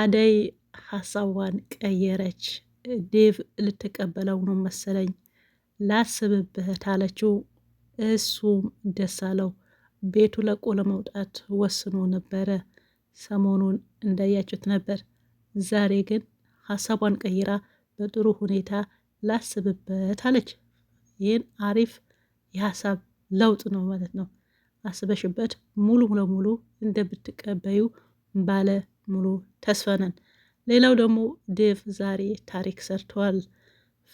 አደይ ሀሳቧን ቀየረች። ዴቭ ልትቀበለው ነው መሰለኝ ላስብበት አለችው። እሱም ደስ አለው። ቤቱ ለቆ ለመውጣት ወስኖ ነበረ። ሰሞኑን እንዳያችሁት ነበር። ዛሬ ግን ሀሳቧን ቀይራ በጥሩ ሁኔታ ላስብበት አለች። ይህን አሪፍ የሀሳብ ለውጥ ነው ማለት ነው። አስበሽበት ሙሉ ለሙሉ እንደምትቀበዩ ባለ ሙሉ ተስፈነን ሌላው ደግሞ ዴቭ ዛሬ ታሪክ ሰርተዋል።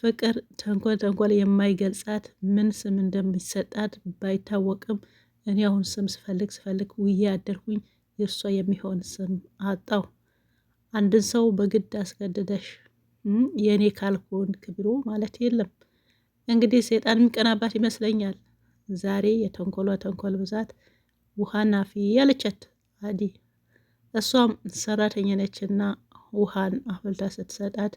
ፍቅር ተንኮል ተንኮል የማይገልጻት ምን ስም እንደሚሰጣት ባይታወቅም እኔ አሁን ስም ስፈልግ ስፈልግ ውዬ አደርኩኝ የእሷ የሚሆን ስም አጣው። አንድን ሰው በግድ አስገድደሽ የእኔ ካልሆን ክብሩ ማለት የለም። እንግዲህ ሴጣን የሚቀናባት ይመስለኛል። ዛሬ የተንኮሏ ተንኮል ብዛት ውሃ ናፊ ያለቻት አዲ እሷም ሰራተኛ ነችና ውሃን አፍልታ ስትሰጣት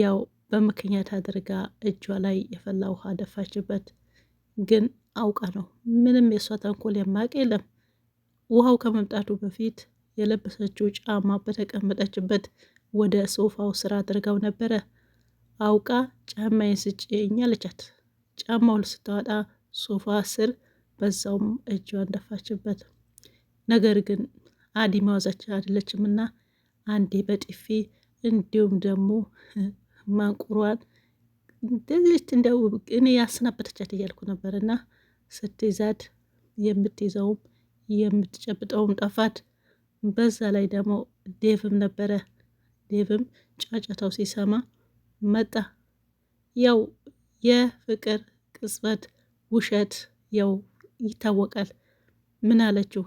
ያው በምክንያት አድርጋ እጇ ላይ የፈላ ውሃ ደፋችበት። ግን አውቃ ነው። ምንም የእሷ ተንኮል የማያውቅ የለም። ውሃው ከመምጣቱ በፊት የለበሰችው ጫማ በተቀመጠችበት ወደ ሶፋው ስራ አድርጋው ነበረ። አውቃ ጫማዬን ስጭኝ አለቻት። ጫማውን ስታወጣ ሶፋ ስር በዛውም እጇን ደፋችበት። ነገር ግን አዲማዋዛች ወዛች አይደለችም እና አንዴ በጥፊ እንዲሁም ደግሞ ማንቁሯን እንደዚህ እንደው እኔ ያሰናበተቻት እያልኩ ነበር እና ስትይዛድ የምትይዘውም የምትጨብጠውም ጠፋት። በዛ ላይ ደግሞ ዴቭም ነበረ። ዴቭም ጫጫታው ሲሰማ መጣ። ያው የፍቅር ቅጽበት ውሸት ያው ይታወቃል። ምን አለችው?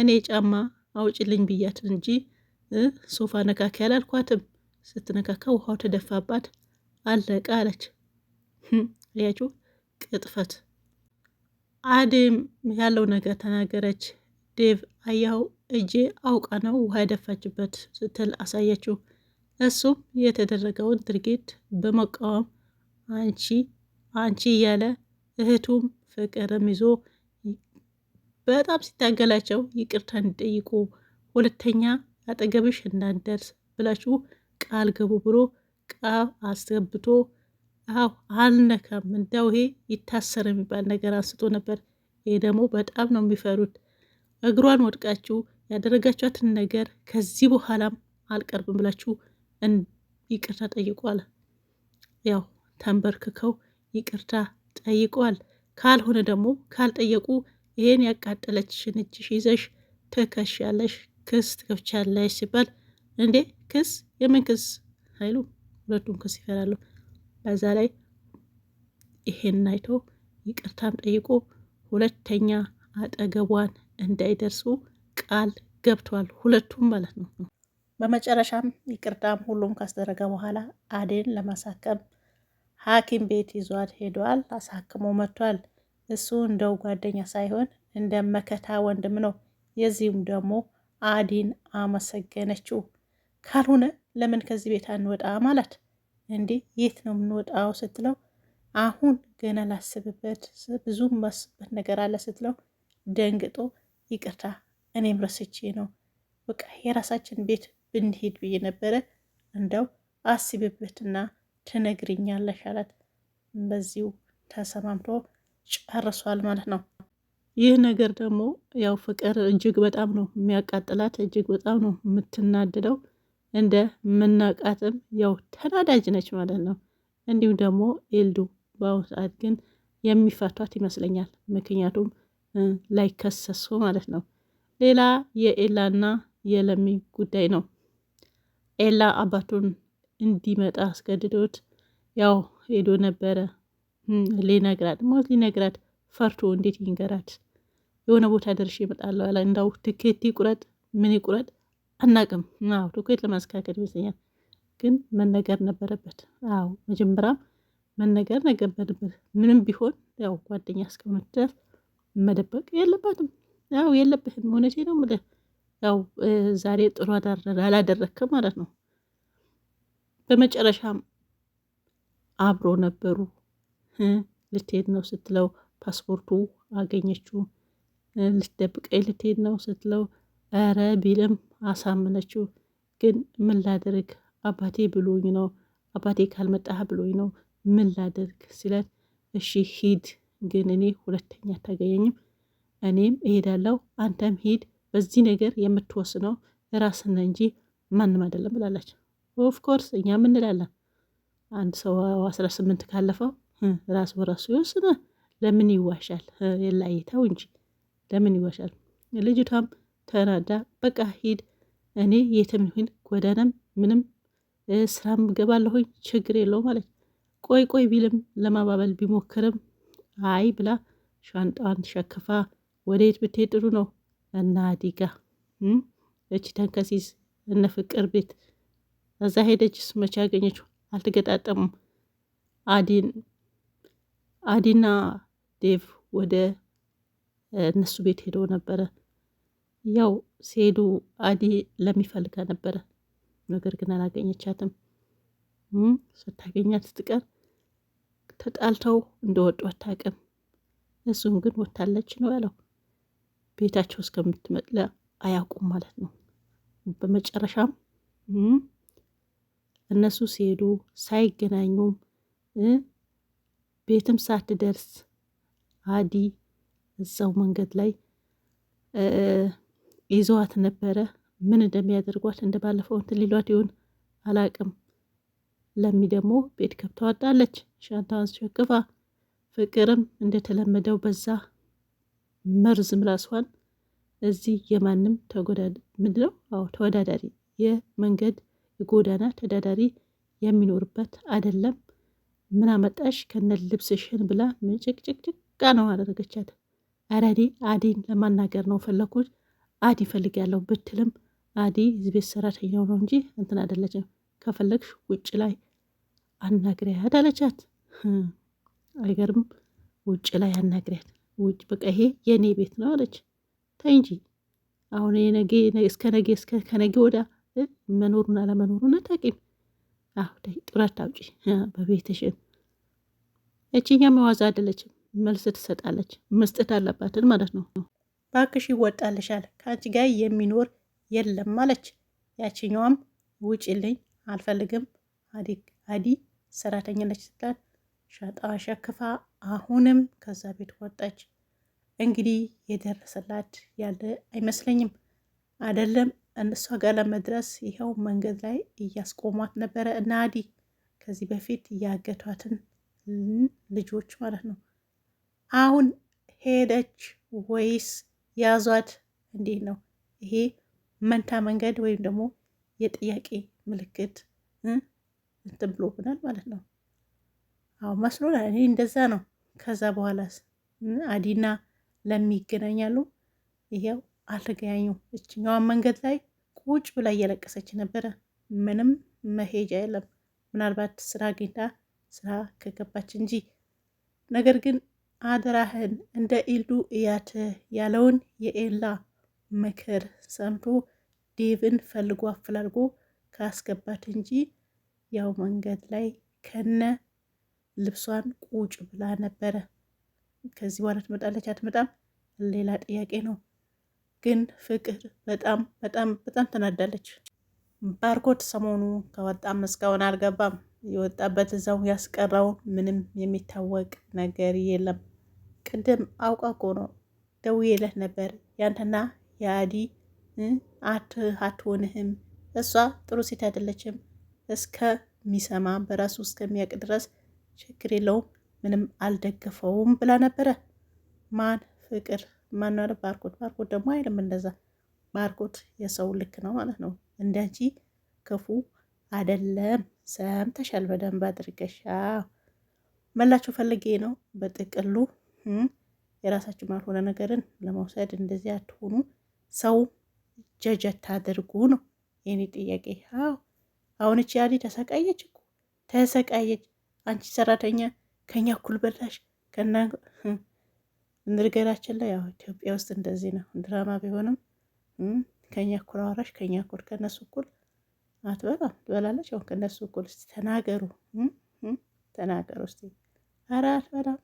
እኔ ጫማ አውጭልኝ ብያት እንጂ ሶፋ ነካካ ያላልኳትም። ስትነካካ ውሃው ተደፋባት፣ አለቀ አለች። ያችሁ ቅጥፈት። አዴም ያለው ነገር ተናገረች። ዴቭ አያው እጄ አውቃ ነው ውሃ የደፋችበት ስትል አሳየችው። እሱም የተደረገውን ድርጊት በመቃወም አንቺ አንቺ እያለ እህቱም ፍቅርም ይዞ በጣም ሲታገላቸው ይቅርታ እንዲጠይቁ ሁለተኛ አጠገብሽ እንዳንደርስ ብላችሁ ቃል ገቡ ብሎ ቃል አስገብቶ አዎ አልነካም እንዳው ይሄ ይታሰር የሚባል ነገር አንስቶ ነበር። ይሄ ደግሞ በጣም ነው የሚፈሩት። እግሯን ወድቃችሁ ያደረጋችኋትን ነገር ከዚህ በኋላም አልቀርብም ብላችሁ ይቅርታ ጠይቋል። ያው ተንበርክከው ይቅርታ ጠይቋል። ካልሆነ ደግሞ ካልጠየቁ ይህን ያቃጠለችሽን እጅሽ ይዘሽ ትከሻለሽ፣ ክስ ትከፍቻለሽ ሲባል እንዴ ክስ የምን ክስ ሀይሉ ሁለቱም ክስ ይፈራሉ። በዛ ላይ ይሄን አይቶ ይቅርታም ጠይቆ ሁለተኛ አጠገቧን እንዳይደርሱ ቃል ገብቷል፣ ሁለቱም ማለት ነው። በመጨረሻም ይቅርታም ሁሉም ካስደረገ በኋላ አዴን ለማሳከም ሐኪም ቤት ይዟት ሄዷል። አሳክሞ መጥቷል። እሱ እንደው ጓደኛ ሳይሆን እንደ መከታ ወንድም ነው። የዚህም ደግሞ አዲን አመሰገነችው። ካልሆነ ለምን ከዚህ ቤት አንወጣም አላት። እንዴ የት ነው የምንወጣው ስትለው አሁን ገና ላስብበት ብዙ ማስብበት ነገር አለ ስትለው ደንግጦ ይቅርታ እኔም ረስቼ ነው በቃ የራሳችን ቤት ብንሄድ ብዬ ነበረ እንደው አስብበትና ትነግርኛለሽ አላት። በዚሁ ተሰማምቶ ጨርሷል ማለት ነው። ይህ ነገር ደግሞ ያው ፍቅር እጅግ በጣም ነው የሚያቃጥላት፣ እጅግ በጣም ነው የምትናድለው እንደ ምናቃትም ያው ተናዳጅ ነች ማለት ነው። እንዲሁም ደግሞ ኤልዱ በአሁኑ ሰዓት ግን የሚፈቷት ይመስለኛል። ምክንያቱም ላይከሰሱ ማለት ነው። ሌላ የኤላና የለሚ ጉዳይ ነው። ኤላ አባቱን እንዲመጣ አስገድዶት ያው ሄዶ ነበረ ሊነግራት ሞት ሊነግራት ፈርቶ እንዴት ይንገራት? የሆነ ቦታ ደርሼ እመጣለሁ አለ። እንዳው ትኬት ይቁረጥ ምን ይቁረጥ አናቅም። አዎ ትኬት ለማስተካከል ይመስለኛል፣ ግን መነገር ነበረበት። አዎ መጀመሪያም መነገር ነበረበት። ምንም ቢሆን ያው ጓደኛ እስከሆነች ድረስ መደበቅ የለባትም። ያው የለብህም፣ እውነቴ ነው የምልህ። ያው ዛሬ ጥሩ አላደረግክም ማለት ነው። በመጨረሻም አብሮ ነበሩ። ልትሄድ ነው ስትለው ፓስፖርቱ አገኘችው። ልትደብቀኝ ልትሄድ ነው ስትለው ኧረ ቢልም አሳምነችው። ግን ምን ላድርግ አባቴ ብሎኝ ነው አባቴ ካልመጣህ ብሎኝ ነው ምን ላድርግ ሲለን እሺ ሂድ፣ ግን እኔ ሁለተኛ አታገኘኝም። እኔም እሄዳለሁ፣ አንተም ሂድ። በዚህ ነገር የምትወስነው ራስን እንጂ ማንም አይደለም ብላለች። ኦፍኮርስ እኛ ምንላለን አንድ ሰው አስራ ስምንት ካለፈው ራስ በራሱ የወሰነ ለምን ይዋሻል? የላይተው እንጂ ለምን ይዋሻል? ልጅቷም ተናዳ በቃ ሂድ፣ እኔ የትም ይሁን ጎዳናም ምንም ስራም ገባለሁኝ ችግር የለው ማለት ቆይ ቆይ ቢልም ለማባበል ቢሞክርም አይ ብላ ሻንጣዋን ሸክፋ ወደየት ብትሄድ ጥሩ ነው እና ዲጋ እቺ ተንከሲስ እነ ፍቅር ቤት እዛ ሄደችስ መቼ ያገኘችው? አልተገጣጠሙም። አዲን አዲና ዴቭ ወደ እነሱ ቤት ሄደው ነበረ። ያው ሲሄዱ አዲ ለሚፈልጋ ነበረ፣ ነገር ግን አላገኘቻትም። ስታገኛት ስትቀር ተጣልተው እንደወጡ አታውቅም። እሱም ግን ወታለች ነው ያለው። ቤታቸው እስከምትመጥለ አያውቁም ማለት ነው። በመጨረሻም እነሱ ሲሄዱ ሳይገናኙም ቤትም ሳትደርስ አዲ እዛው መንገድ ላይ ይዘዋት ነበረ። ምን እንደሚያደርጓት እንደ ባለፈው እንትን ሊሏት ይሆን አላቅም። ለሚ ደግሞ ቤት ከብተ ወጣለች፣ ሻንታዋን ሸክፋ። ፍቅርም እንደተለመደው በዛ መርዝ ራሷን እዚህ የማንም ምንድነው አዎ ተወዳዳሪ የመንገድ የጎዳና ተዳዳሪ የሚኖርበት አይደለም። ምን አመጣሽ ከነ ልብስሽን ብላ ምጭቅጭቅጭቃ ነው አደረገቻት። አረዲ አዲን ለማናገር ነው ፈለኩት አዲ እፈልጋለሁ ብትልም አዲ ዝቤት ሰራተኛው ነው እንጂ እንትን አደለችም። ከፈለግሽ ውጭ ላይ አናግሪያት አለቻት። አይገርም ውጭ ላይ አናግሪያት ውጭ በቃ ይሄ የእኔ ቤት ነው አለች። ተይ እንጂ አሁን ነገ እስከ ነገ እስከ ከነገ ወዳ መኖሩን አለመኖሩን አታውቂም። አሁ ጡረት አውጪ በቤትሽን እችኛ መዋዛ አይደለችም። መልስ ትሰጣለች መስጠት አለባትን ማለት ነው። ባክሽ ይወጣልሻል ከአንቺ ጋር የሚኖር የለም አለች። ያችኛዋም ውጭልኝ አልፈልግም አዲ ሰራተኛለች ስትላት ሻጣ ሸክፋ አሁንም ከዛ ቤት ወጣች። እንግዲህ የደረሰላት ያለ አይመስለኝም። አይደለም እሷ ጋር ለመድረስ ይኸው መንገድ ላይ እያስቆሟት ነበረ። ናዲ ከዚህ በፊት ያገቷትን ልጆች ማለት ነው። አሁን ሄደች ወይስ ያዟት? እንዴት ነው ይሄ? መንታ መንገድ ወይም ደግሞ የጥያቄ ምልክት እንትን ብናል ማለት ነው። አዎ መስሎናል። እኔ እንደዛ ነው። ከዛ በኋላስ አዲና ለሚገናኛሉ ይሄው አልተገያኙ። እችኛዋን መንገድ ላይ ቁጭ ብላ እየለቀሰች ነበረ። ምንም መሄጃ የለም። ምናልባት ስራ አግኝታ ስራ ከገባች እንጂ። ነገር ግን አደራህን እንደ ኢልዱ እያት ያለውን የኤላ ምክር ሰምቶ ዴቭን ፈልጎ አፈላልጎ ካስገባት እንጂ ያው መንገድ ላይ ከነ ልብሷን ቁጭ ብላ ነበረ። ከዚህ በኋላ ትመጣለች አትመጣም፣ ሌላ ጥያቄ ነው። ግን ፍቅር በጣም በጣም በጣም ተናዳለች። ባርኮት ሰሞኑ ከወጣም እስካሁን አልገባም። የወጣበት እዛው ያስቀረው ምንም የሚታወቅ ነገር የለም። ቅድም አውቃ እኮ ነው ደውዬልህ ነበር። ያንተና የአዲ አት አትሆንህም፣ እሷ ጥሩ ሴት አይደለችም። እስከሚሰማ በራሱ እስከሚያውቅ ድረስ ችግር የለውም ምንም አልደገፈውም ብላ ነበረ። ማን ፍቅር ማነው ባርኮት ባርኮት ደግሞ አይልም እንደዛ። ባርኮት የሰው ልክ ነው ማለት ነው። እንዳንቺ ክፉ አይደለም። ሰምተሻል በደንብ አድርገሻ መላችሁ ፈልጌ ነው። በጥቅሉ የራሳችሁ ማልሆነ ነገርን ለመውሰድ እንደዚህ አትሆኑ። ሰው ጀጀት አድርጉ ነው የኔ ጥያቄ። አዎ አሁን እቺ ያሊ ተሰቃየች እኮ ተሰቃየች። አንቺ ሰራተኛ ከኛ እኩል በላሽ ከና ንርገራችን ላይ ያው ኢትዮጵያ ውስጥ እንደዚህ ነው። ድራማ ቢሆንም ከኛ እኩል አዋራሽ ከኛ እኩል ከነሱ እኩል አትበላ ትበላለች። ያው ከነሱ እኩል እስቲ ተናገሩ ተናገሩ እስቲ። ኧረ አትበላም።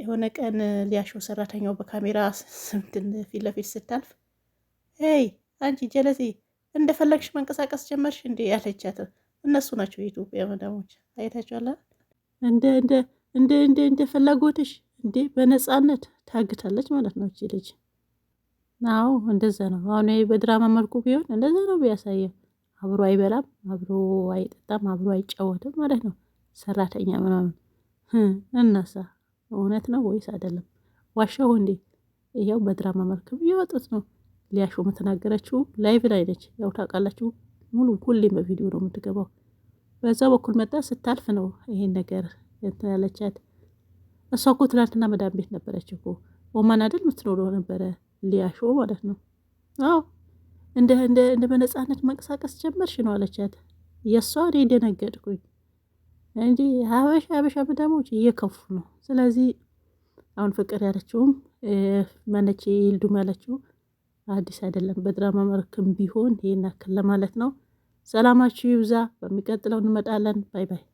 የሆነ ቀን ሊያሾ ሰራተኛው በካሜራ ስምትን ፊት ለፊት ስታልፍ ይ አንቺ ጀለሴ እንደፈለግሽ መንቀሳቀስ ጀመርሽ እንዴ ያለቻት እነሱ ናቸው የኢትዮጵያ መዳሞች። አይታችኋላ እንደ እንደ እንደ እንደ እንደ ፍላጎትሽ እንዴ በነፃነት ታግታለች ማለት ነው እቺ ልጅ። አዎ እንደዛ ነው። አሁን በድራማ መልኩ ቢሆን እንደዛ ነው ቢያሳየው፣ አብሮ አይበላም፣ አብሮ አይጠጣም፣ አብሮ አይጫወትም ማለት ነው። ሰራተኛ ምናምን እናሳ እውነት ነው ወይስ አይደለም? ዋሻው እንዴ ያው በድራማ መልክ ቢወጡት ነው። ሊያሾም ተናገረችው ላይቭ ላይ ነች። ያው ታውቃላችሁ፣ ሙሉ ሁሌም በቪዲዮ ነው የምትገባው። በዛ በኩል መጣ ስታልፍ ነው ይሄን ነገር እንትን ያለቻት እሷ እኮ ትናንትና መዳን ቤት ነበረች እኮ ኦማን አይደል የምትኖረው ነበረ ሊያሾ ማለት ነው። አዎ እንደ በነፃነት መንቀሳቀስ ጀመርሽ ነው አለቻት። የእሷ እኔ ደነገጥኩኝ እንጂ ሀበሻ ሀበሻ መዳሞች እየከፉ ነው። ስለዚህ አሁን ፍቅር ያለችውም መነች ይልዱም ያለችው አዲስ አይደለም። በድራማ መልክም ቢሆን ይህን ያክል ለማለት ነው። ሰላማችሁ ይብዛ። በሚቀጥለው እንመጣለን። ባይ ባይ